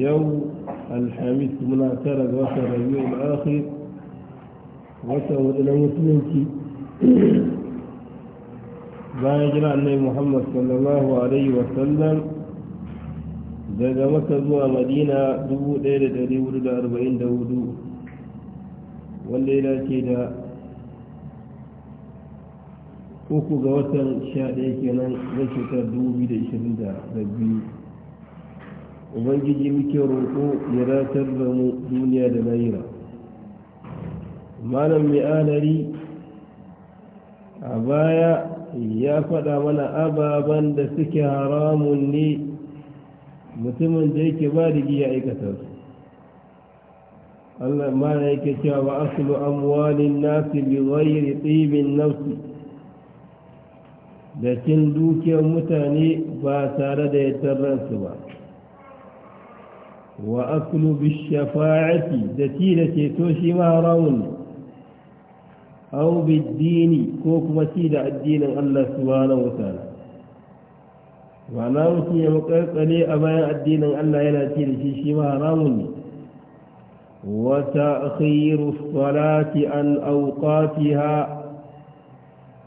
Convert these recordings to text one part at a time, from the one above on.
yau alhamis muna tara ga watan rabiu al'akhir watan wadannan musulunci bayan jira annai muhammad sallallahu alaihi wasallam daga maka zuwa madina 1444 wanda ya dace da uku ga watan 11 kenan na shekarar 2022 ubangiji muke roƙo ya ratar da mu duniya da lahira malam mai alari a baya ya faɗa mana ababen da suke haramun ne mutumin da yake ba da giya aikata su Allah mana yake cewa wa aslu amwalin nasi bi ghairi tibin nafsi da cin dukiyar mutane ba tare da yardar su ba وأكل بالشفاعة التي التي تشما رون أو بالدين كوك مسيدة الدين الله سبحانه وتعالى وأنا أوتي وقلت لي أبان الدين الله إلى تيل شما رون وتأخير الصلاة عن أوقاتها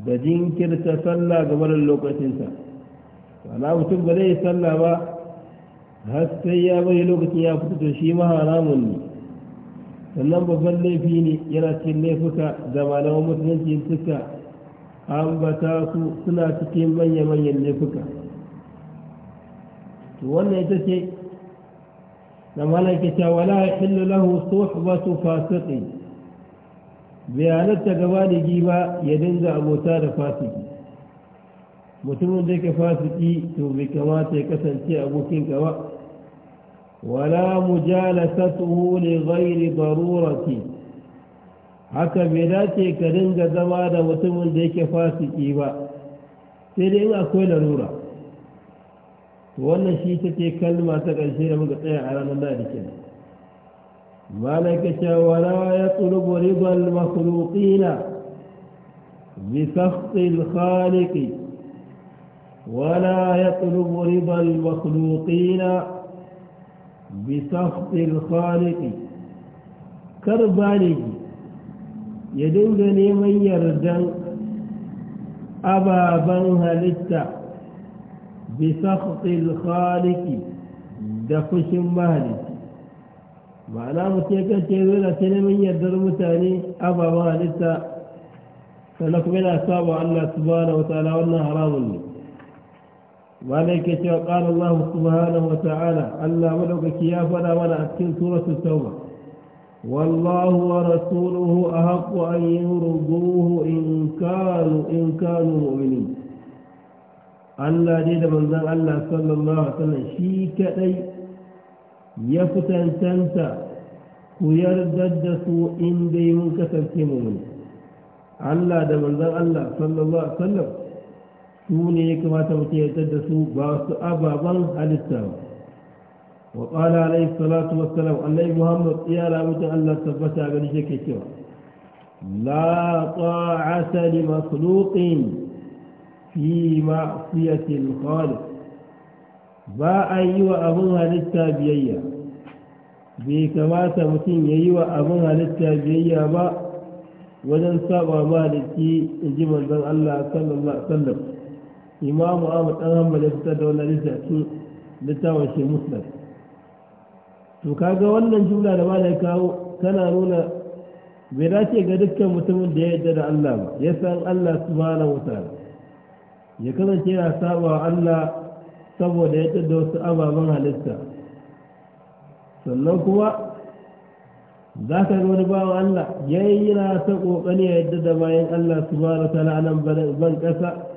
بدين كرت صلى قبل اللوكة تنسى وأنا أوتي وقلت صلى har ya bai lokacin ya fito to shi ma haramun ne sannan babban laifi ne yana cikin laifuka da malaman musulunci suka ambata su suna cikin manya-manyan laifuka to wannan ita ce da malaka ta wala hillu lahu suhbatu fasiqi bayanarta gaba da giba ya dinga abota da fasiki mutumin da yake fasiki to bai kamata ya kasance abokin gaba ولا مجالسته لغير ضرورة haka bai dace ka dinga zama da mutumin da yake fasiki ba sai dai in akwai larura wannan shi ta ce kalma ta ƙarshe da muka tsaya a ranar da da kenan malaka shawara ya tsurubu ribar makulukina bi sakhsil khaliqi wala ya tsurubu ribar makulukina بسخط الخالق كرباني يدنجني من يردن أبا بنها لتا بسخط الخالق دفش مهلك معنى مسيكا تيرولا سنمن يدر متاني أبا بنها لتا فنقبل أصابه الله سبحانه وتعالى والنهر أظنه malai ke cewa ƙara Allah subhanahu wa ta'ala Allah madaukaki ya faɗa mana a cikin suratul tauba والله ورسوله أحق أن يرضوه إن كانوا إن كانوا مؤمنين Allah dai da manzan Allah sallallahu Alaihi wasallam shi kaɗai ya fitantanta ku yarda da su in dai mun kasance mummuni. Allah da manzan Allah sallallahu Alaihi wasallam سوني كمات وتيجد سو باس أبا بن حلسان وقال عليه الصلاة والسلام الله محمد يا رب الله تبتع بنيك كيو لا طاعة لمخلوق في معصية الخالق با أيوة أبو هلتا بيئة بكماسة متين أيوة أبو هلتا بيئة با ودن سابع مالكي بن الله صلى الله عليه وسلم imamu ahmad dan hanbali fita da wannan hadisi a cikin littafin shi muslim to kaga wannan jumla da malai kawo tana nuna bai dace ga dukkan mutumin da ya yarda da Allah ba ya san Allah na wataala ya kasance yana saba Allah saboda ya da wasu ababen halitta sannan kuma za ka ga wani bawan Allah ya yi yana ta kokari ya yarda da bayan Allah subhanahu na nan ban ƙasa.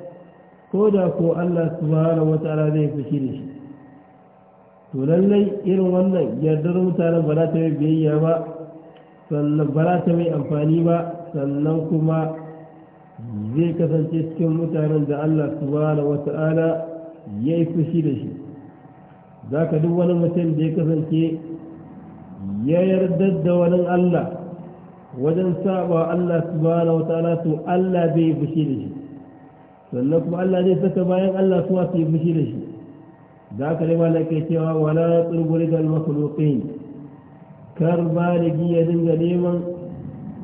ko da ko Allah subhanahu wataala zai fushi da shi to lallai irin wannan yardar mutanen ba za ta yi biyayya ba sannan ba za ta yi amfani ba sannan kuma zai kasance cikin mutanen da Allah subhanahu wata'ala ya yi fushi da shi za ka duk wani mutum da ya kasance ya yarda da wani Allah wajen saba Allah subhanahu wata'ala to Allah bai fushi da shi sannan kuma Allah zai saka bayan Allah kuma su yi fushi da shi za ka rima da ke cewa wala tsurburi da makhluqin kar ba da giya dinga neman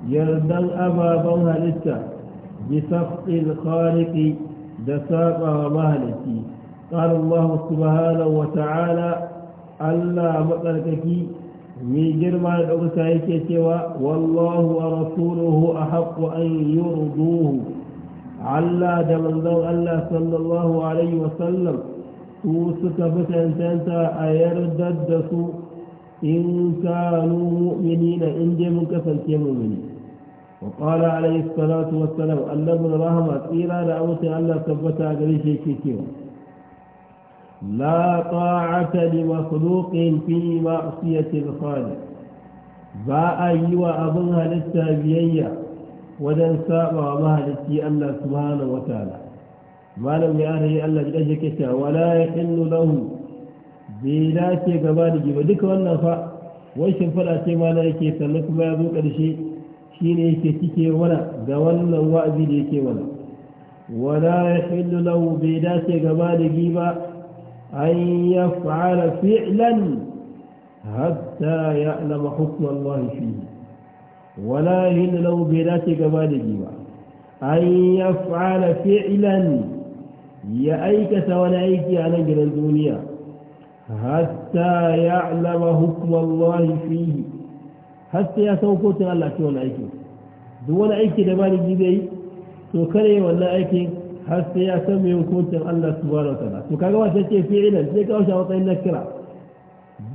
yardan ababen halitta bi saqil khaliqi da saba wa mahalici qala Allah subhanahu wa ta'ala Allah matsarkaki mai girma da ɗauka yake cewa wallahu wa rasuluhu a haƙƙo an yi ruduhu Allah da manzon Allah sallallahu Alaihi wasallam su suka fi cancanta a yardar da su in kanu mu'mini na inda mun kasance mu'mini wa qala alayhi salatu wassalam annabi rahama tsira da amince Allah tabbata gare shi yake cewa la ta'ata li makhluqin fi ma'siyati al-khaliq ba a yi wa abin halitta biyayya wajen saba mahalicci Allah subhanahu wataala malam ya rayi Allah da yake cewa wala yahillu lahu bai dace gaba da giba duka wannan fa wai shimfiɗa ce ma na yake sannan kuma ya zo ƙarshe shi ne yake cike wana ga wannan wa'azi da yake wana wala ya hillu lahu bai dace gaba da giba an ya fa'ala fi'lan hatta ya alama hukumar Allah fi wala yin lau bai dace gaba da ji an ya fa'ala fi'ilan ya aikata wani aiki a nan gidan duniya hatta ya alama hukumar Allah fihi hatta ya san kotun Allah ce wani aiki duk wani aiki da bani ji zai to kare wannan aikin hatta ya san mai hukuncin Allah subhanahu wa ta'ala to kaga wata ce fi'ilan sai ka wuce a matsayin kira.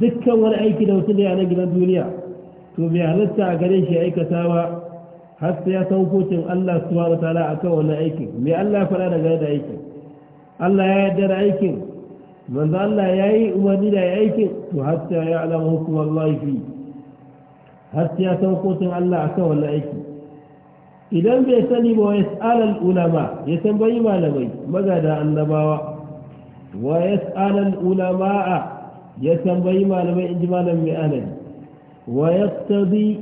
dukkan wani aiki da mutum da ya nan gidan duniya to bai halatta a gare shi aikata ba har sai ya san hukuncin Allah subhanahu wataala akan wannan aikin me Allah ya faɗa gare da aikin Allah ya yadda aikin manzo Allah ya yi umarni da aikin to har sai ya alama hukum Allah fi har sai ya san hukuncin Allah akan wannan aiki idan bai sani ba ya tsalar ulama ya san bai malamai magada annabawa wa ya tsalar ulama ya san bai malamai in ji malam mai ويقتضي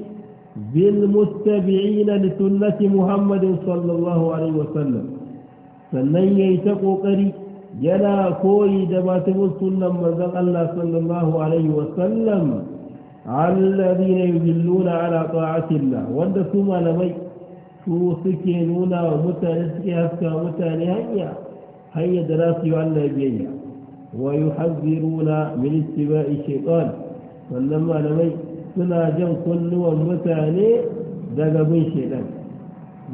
بالمتبعين لسنة محمد صلى الله عليه وسلم فلن يتقو قري يلا كوي دباتم السنة مزق الله صلى الله عليه وسلم على الذين يجلون على طاعة الله وانت سمع لمي شو سكينونا ومتانسكي هسكا ومتاني هيا هيا دراسي وعلى ويحذرون من اتباع الشيطان فلما لمي suna jan kunnuwan mutane daga bin shaidan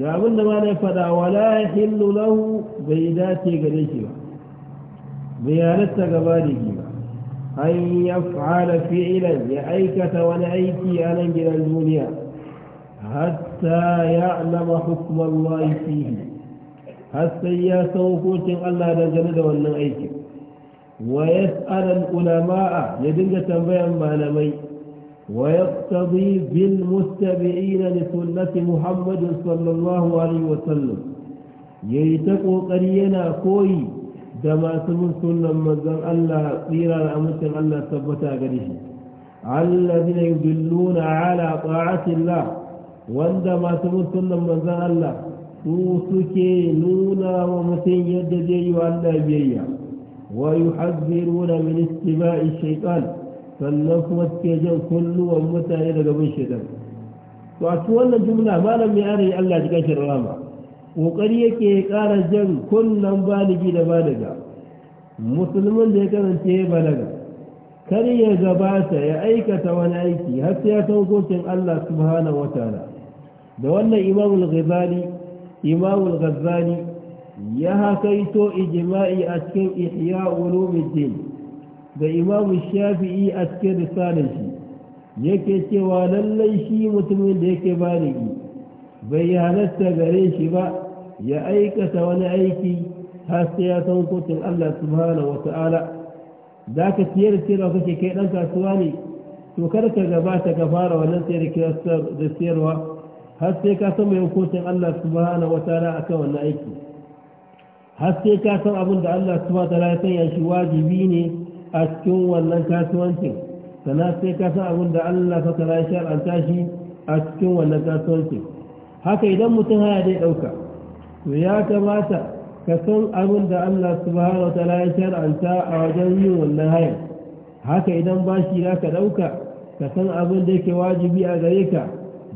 ga abin da ma na faɗa wala hillu lahu bai dace gare shi ba bai halatta gaba da shi ba an ya fa'ala fi'ilan ya aikata wani aiki a nan gidan duniya hatta ya alama hukumar Allah fihi hatta ya san hukuncin Allah da dangane da wannan aikin wa yas'al al-ulama'a ya dinga tambayan malamai ويقتضي بالمتبعين لسنة محمد صلى الله عليه وسلم يتقو قرينا كوي دما سمن سنة مزن الله قيرا أمسن الله ثبتا قريش الذين يدلون على طاعة الله وندما سمن سنة مزن الله سوسكي نونا ومتن يدجي الله ويحذرون من اتباع الشيطان sannan kuma suke jan kulluwan mutane daga bin shaidan to a cikin wannan jumla malam ya arayi Allah ji kashin rama kokari yake ƙara jan kunnan baligi da daga. musulmin da ya kasance ya balaga kar ya gabata ya aikata wani aiki har sai ya san gocin Allah subhanahu wataala da wannan imamul ghazali imamul ghazali ya hakaito ijma'i a cikin ihya ulumuddin da imamu shafi'i a cikin risalar shi yake cewa lallai shi mutumin da yake baligi bai halatta gare shi ba ya aikata wani aiki har sai ya san kotun Allah subhanahu wa ta'ala za ka tiyar cewa kake kai ɗan kasuwa ne to kar ka gabata ka fara wannan sayar da tiyarwa har sai ka san mai kotun Allah subhanahu wa ta'ala akan wannan aiki har sai ka san abin da Allah subhanahu wa ta'ala ya sanya shi wajibi ne a cikin wannan kasuwancin sana sai ka san abin da Allah fa kana shar'anta shi a cikin wannan kasuwancin haka idan mutum haya dai dauka to ya kamata ka san abin da Allah subhanahu ta'ala ya shar'anta a wajen yin wannan haya haka idan bashi za ka dauka ka san abin da yake wajibi a gare ka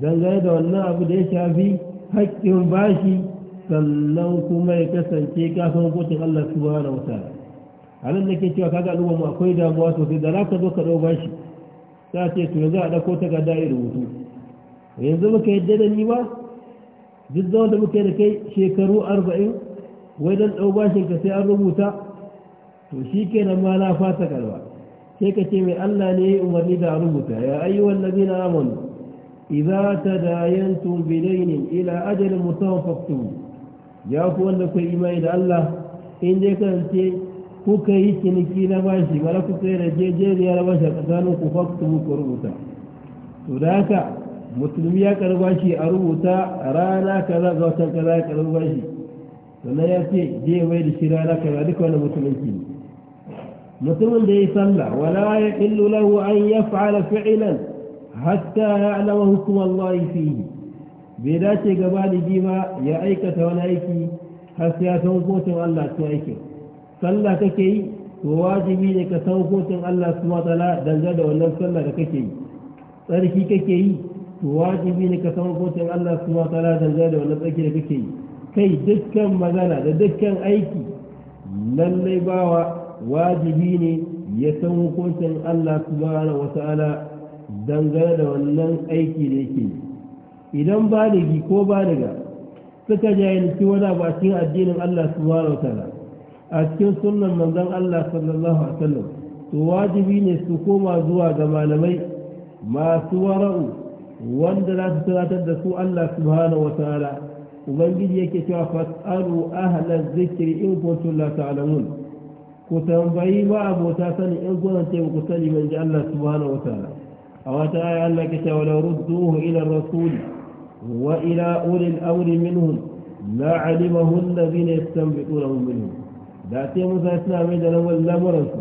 dangane da wannan abu da ya shafi haƙƙin bashi sannan kuma ya kasance kafin kotun Allah subhanahu ta'ala a nan nake cewa kaga al'umma mu akwai damuwa sosai da za ka zo ka ɗau bashi ta ce to yanzu a ɗauko ta gada ya rubutu yanzu muka yadda da ni ba duk zama da muka yi da kai shekaru arba'in wai don ɗau bashin ka sai an rubuta to shi kenan ma na fata karba sai ka ce mai allah ne ya umarni da a rubuta ya ayyuwan nabi na amonu idza tadayantum bidainin ila ajalin musamman ya ku wanda kai imani da allah in dai karance kuka yi ciniki na bashi wala kuka yi rajejeriya na bashi a tsakanin ku faktubu ku rubuta to da haka musulmi ya karba shi a rubuta rana kaza ga watan kaza ya karba shi sannan ya ce je mai da shi rana kaza duka wani musulunci ne mutumin da ya yi sallah wala ya illu lahu an yaf'ala fi'lan hatta ya'lama hukm Allah fihi bai dace gaba da ba ya aikata wani aiki har sai ya san hukuncin Allah ta aikin sallah kake yi to wajibi ne ka san hukuncin Allah subhanahu wataala danga da wannan sallah da kake yi tsarki kake yi to wajibi ne ka san hukuncin Allah subhanahu wataala danga da wannan tsarki da kake yi kai dukkan magana da dukkan aiki lallai bawa wajibi ne ya san hukuncin Allah subhanahu wataala dangane da wannan aiki da yake yi. idan ba baligi ko ba daga suka jayanci wani abu a cikin addinin Allah subhanahu wataala a cikin sunan manzon Allah sallallahu alaihi wasallam to wajibi ne su koma zuwa ga malamai masu wara'u wanda za su tunatar da su Allah subhanahu wa ta'ala ubangiji yake cewa fas'alu ahla zikri in kuntum la ta'lamun ku tambayi ba abota sani in kuna ce ku sani ban ji Allah subhanahu wa ta'ala a wata aya Allah ke cewa la rudduhu ila rasul wa ila ulil amri minhum la alimahu alladhina yastanbiqunahu minhum da ce musa suna mai da lamuran lamuransu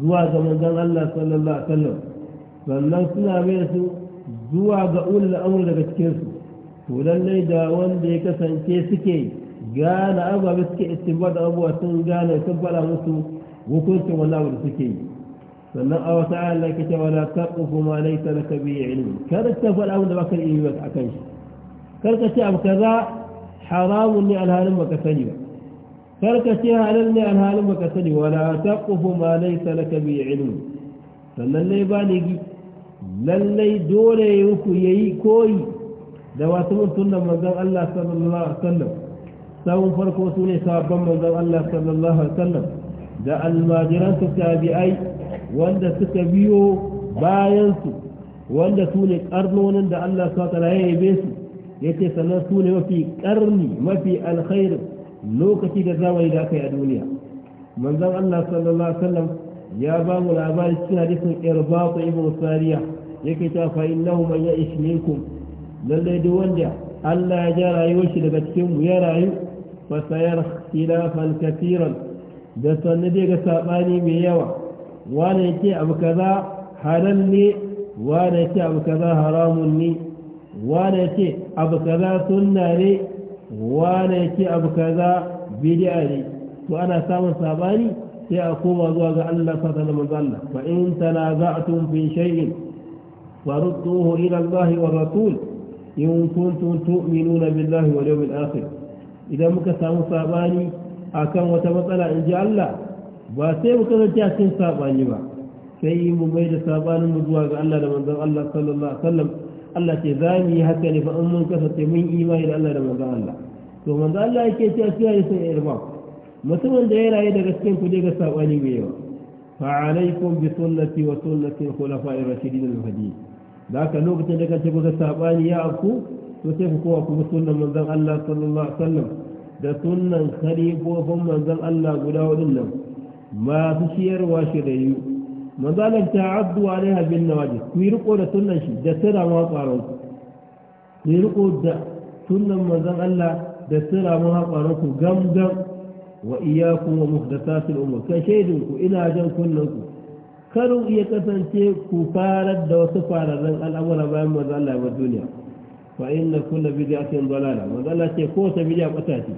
zuwa ga manzon Allah sallallahu alaihi wasallam sannan suna mai da su zuwa ga ulul amr daga cikin su to lallai da wanda ya kasance suke gane ababe suke istinbar da abubuwa sun gane sun faɗa musu hukuncin wannan abu da suke yi sannan a wata ayan lake cewa la taqufu ma laysa laka bi ilmi kada ka faɗa abin da baka yi ba akan shi kar ka ce abu kaza haramun ne alhalin baka sani ba karka ce halal ne alhalin baka sani wala taqufu ma laysa laka bi ilm sannan lai ba ne gi lallai dole ya ku yayi koyi da wasu mutunan manzon Allah sallallahu alaihi wasallam sawun farko su ne sabon manzon Allah sallallahu alaihi wasallam da almajiran su tabi'ai wanda suka biyo bayan su wanda su ne karnonin da Allah subhanahu wa ta'ala ya yabe su yace sannan su ne mafi karni mafi alkhairi lokaci da zamani da aka yi a duniya manzon Allah sallallahu alaihi wasallam ya ba mu labari cikin hadisin irbaqu ibn sariya yake ta fa innahu man ya'ish minkum lalle duk wanda Allah ya ja rayuwar shi daga cikin mu ya rayu fa sayar khilafan katiran da sanne dai ga sabani mai yawa wani yake abu kaza haram ne wani yake abu kaza haramun ne wani yake abu kaza sunna ne wane ya ce abu kaza bidi'a ne to ana samun sabani sai a koma zuwa ga Allah sallallahu alaihi wasallam fa in tanaza'tum fi shay'in farudduhu ila Allah wa rasul in kuntum tu'minuna billahi wal yawmil akhir idan muka samu sabani akan wata matsala in ji Allah ba sai mu kasance a cikin sabani ba sai mu mai da sabanin mu zuwa ga Allah da manzon Allah sallallahu alaihi wasallam Allah ce za mu yi haka ne fa in mun ce mun imani da Allah da manzo Allah to manzo Allah yake cewa cewa ya san irba mutumin da ya rayu daga cikin ku je ga sabani mai yawa fa alaikum bi sunnati wa sunnati al-khulafa'ir rashidin al-mahdi da haka lokacin da kace kuka sabani ya afku to sai ku kowa ku sunnan manzon Allah sallallahu alaihi wasallam da sunnan khalifofin manzon Allah guda wadannan masu ciyarwa shi da yiwu manzo Allah ta abdu alaiha bin nawaji ku riko da sunnan shi da sira ma tsaron ku riko da sunnan manzon Allah da sira ma tsaron ku gam gam wa iyyakum wa muhdathatil umur kai shaidin ku ina jan kunnan ku karu iya kasance ku farar da wasu fararren al'amura bayan manzo Allah ya duniya fa inna kullu bid'atin dalala manzo Allah ce ko ta bid'a kwata ce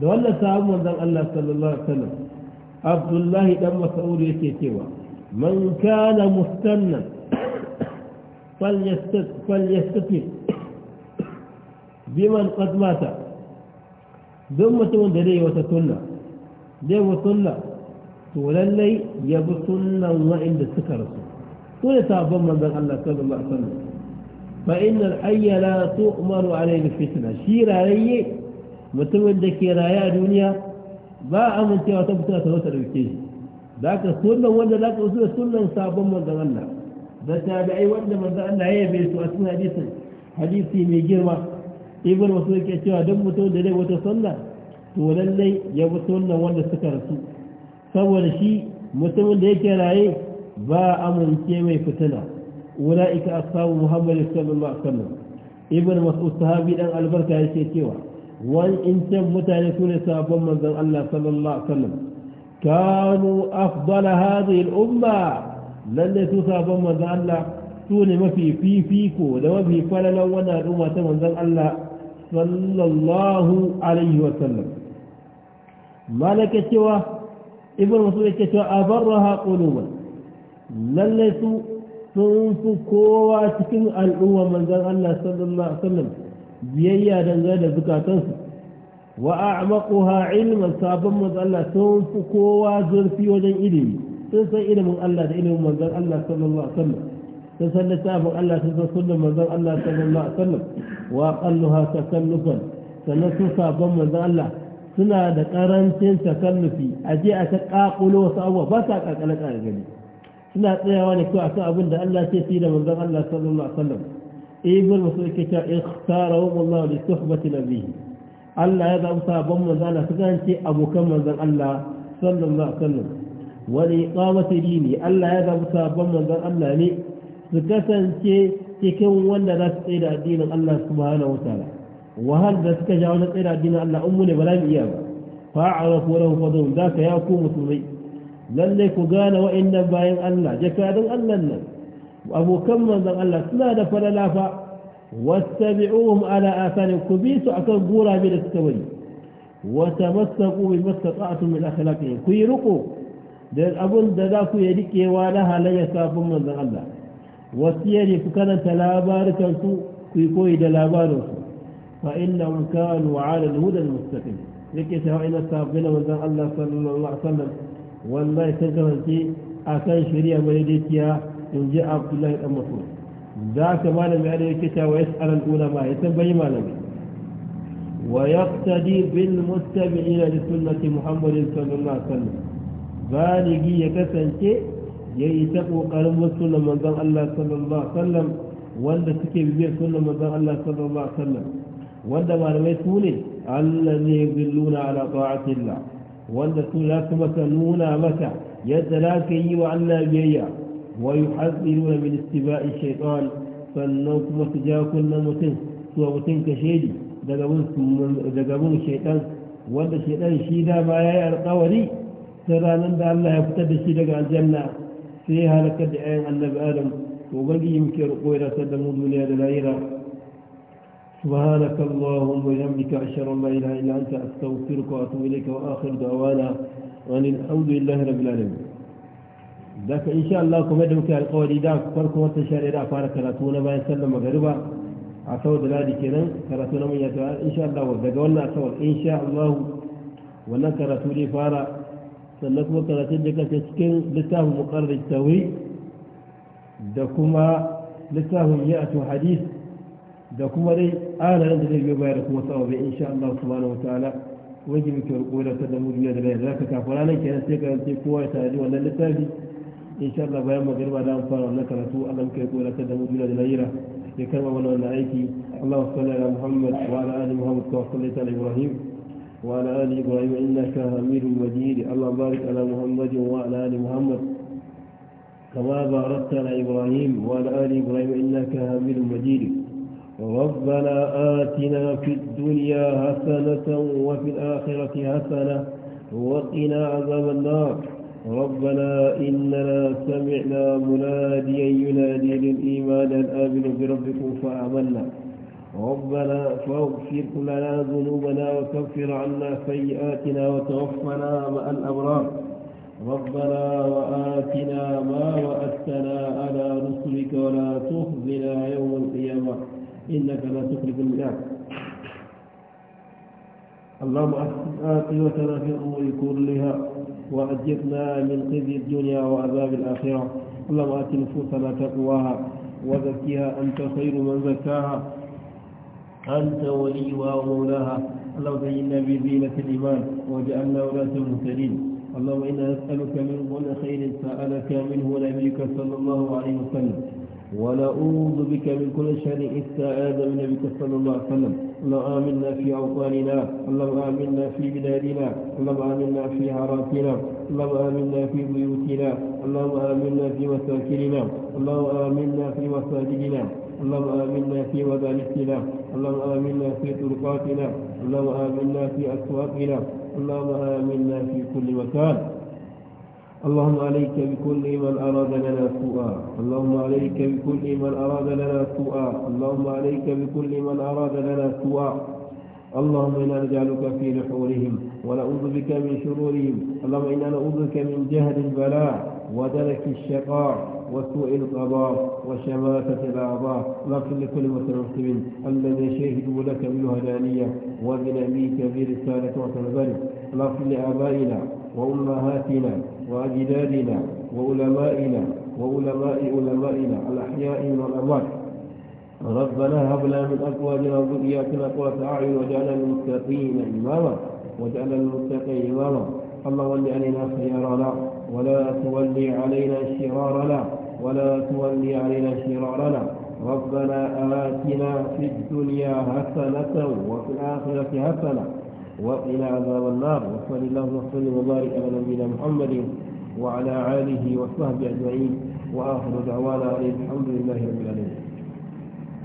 da wannan sahabban manzon Allah sallallahu alaihi wasallam Abdullahi dan Mas'ud yake cewa من كان مستنا فليستتم biman qad mata don mutumin da zai wata sunna zai wata sunna to lallai ya bi sunnan wa'inda suka rasu su ne sabon manzon Allah sallallahu alaihi wasallam fa innal hayya la tu'maru alayhi shi rayayye mutumin da ke raye a duniya ba amincewa ta fitina ta dauke za ka sunan wanda za ka usul sunan sabon manzan Allah da tabi'ai wanda manzan Allah ya yabe su a cikin hadisin hadisi mai girma ibn wasu yake cewa duk mutum da zai wata sunna to lalle ya bi sunan wanda suka rasu saboda shi mutumin da yake raye ba amince mai fitina ula'ika ashabu muhammad sallallahu alaihi wasallam ibn mas'ud sahabi dan albarka yake cewa wani in can mutane sune sabon manzon Allah sallallahu alaihi wasallam كانوا أفضل هذه الأمة لن تسافى من ذا الله سون ما في في فيكو لما في فللا ونا الأمة من ذا الله صلى الله عليه وسلم ملك سوى ابن مسعود سوى أبرها قلوبا لن تنفو كوا تكن الأمة من ذا الله صلى الله عليه وسلم biyayya dangane da zukatansu wa a'maquha ilman sabon manzo Allah sun fi kowa zurfi wajen ilimi sun san ilimin Allah da ilimin manzon Allah sallallahu alaihi wasallam sun san littafin Allah sun san sunnan manzon Allah sallallahu alaihi wasallam wa qalluha takallufan sannan sun sabon manzon Allah suna da karancin takallufi a je a ta kakulo wasu abubuwa ba sa kakala kare gani suna tsayawa ne kawai a akan abin da Allah ce fi da manzon Allah sallallahu alaihi wasallam ibn musu yake cewa ikhtarahu Allah li suhbati nabihi Allah ya zaɓi sabon manzo su kasance abokan manzon Allah sallallahu alaihi sannan wani iqamati dini Allah ya zaɓi sabon manzon Allah ne su kasance cikin wanda za su tsaye da addinin Allah subhanahu wataala wahal da suka jawo na tsaye da addinin Allah ummu ne ba za mu iya ba fa'arafu lahu fadhum zaka ya ku musulmai lalle ku gane wa'annan bayan Allah jakadun Allah nan abokan manzon Allah suna da falalafa wattabi'uhum ala athari ku bi su akan gurabe da suka bari wa tamassaku bi mastata'tum min akhlaqihim ku yi riko da abun da za ku yi rikewa na halayya safin manzon Allah wasiyari ku karanta labarukan su ku yi koyi da labarin su fa innahum kanu ala al-huda al-mustaqim yake cewa ina sabbin manzon Allah sallallahu akan shari'a mai dakiya in Abdullahi dan ذاك يعني ما لم يعرف الكتاب ويسأل الأولى ما يتبعي ما لم ويقتدي بالمتبعين لسنة محمد صلى الله عليه وسلم بالغي يكسنتي يتقو قلم سنة من ذا الله صلى الله عليه وسلم وند سكي بي سنة من ذا الله صلى الله عليه وسلم وند ما لم يسوني الذي يضلون على طاعة الله وند سنة لا تمسنون مكة يدلاك يوعنا بيئة ويحذرون من اتباع الشيطان فالنظم تجا كل متن سوى متن كشيدي دقبون دقبون الشيطان ولا الشيطان شيدا ما يا القوري ترى نندى الله يفتد الشيدا على الجنة فيها لك دعين عن نبي آدم وبقي يمكن قويرة سدم الدنيا للغيرة سبحانك اللهم وبحمدك أشهد أن لا إله إلا أنت أستغفرك وأتوب إليك وآخر دعوانا وأن الحمد لله رب العالمين da ka insha Allah kuma da muka alƙawari da farko wata shari'a da fara karatu na bayan sallar magariba a saboda da ladi kenan karatu na manya ta insha Allah daga wannan asawar insha Allah wannan karatu ne fara sannan kuma karatun da kake cikin littafin muqarrar tawi da kuma littafin ya'atu hadith da kuma dai ananan da zai biyo baya da kuma sababai insha Allah subhanahu wataala wajibi ke riko da ta da mu duniya da bai da ka kafara nan kenan sai ka yi kowa ya tare wannan littafi in sha Allah bayan magariba da an fara wannan karatu Allah muka yi kowa ta da duniya da lahira ya karba mana wannan aiki Allah salli ala Muhammad wa ala ali Muhammad kama sallaita ala Ibrahim wa ala ali Ibrahim innaka Hamidum Majid Allah barik ala Muhammad wa ala ali Muhammad كما باركت على إبراهيم وعلى آل إبراهيم إنك حميد مجيد ربنا آتنا في الدنيا حسنة وفي الآخرة حسنة وقنا عذاب النار ربنا إننا سمعنا مناديا ينادي للإيمان أن آمنوا بربكم فآمنا ربنا فاغفر لنا ذنوبنا وكفر عنا سيئاتنا وتوفنا مع الأبرار ربنا وآتنا ما وأتنا على رسلك ولا تخزنا يوم القيامة إنك لا تخلف الميعاد اللهم أحسن آخرتنا في الأمور كلها وأجرنا من خزي الدنيا وعذاب الآخرة اللهم آت نفوسنا تقواها وزكها أنت خير من زكاها أنت وليها ومولاها اللهم زينا بزينة الإيمان واجعلنا ولاة المهتدين اللهم إنا نسألك من كل خير سألك منه نبيك صلى الله عليه وسلم ونعوذ بك من كل شر استعاذ من نبيك صلى الله عليه وسلم اللهم آمنا في أوطاننا اللهم آمنا في بلادنا اللهم آمنا في عراقنا اللهم آمنا في بيوتنا اللهم آمنا في مساكننا اللهم آمنا في مساجدنا اللهم آمنا في مدارسنا اللهم آمنا في طرقاتنا اللهم آمنا في أسواقنا اللهم آمنا في كل مكان اللهم عليك بكل من أراد لنا سوءا اللهم عليك بكل من أراد لنا سوءا اللهم عليك بكل من أراد لنا سوءا اللهم إنا نجعلك في نحورهم ونعوذ بك من شرورهم اللهم إنا نعوذ بك من جهل البلاء ودرك الشقاء وسوء القضاء وشماتة الأعضاء لكن لكل متنصب الذي شهدوا لك بالهدانية وبنبيك برسالة وتنزل لكن لآبائنا وأمهاتنا وأجدادنا وعلمائنا وعلماء علمائنا الأحياء والأموات ربنا هب لنا من أزواجنا وذرياتنا قرة أعين وجعلنا للمتقين إماما وجعلنا للمتقين إماما اللهم ول علينا خيارنا ولا تولي علينا شرارنا ولا تولي علينا شرارنا ربنا آتنا في الدنيا حسنة وفي الآخرة حسنة وقنا عذاب النار وصلى الله وسلم وبارك على نبينا محمد وعلى آله وصحبه أجمعين وآخر دعوانا الحمد لله رب العالمين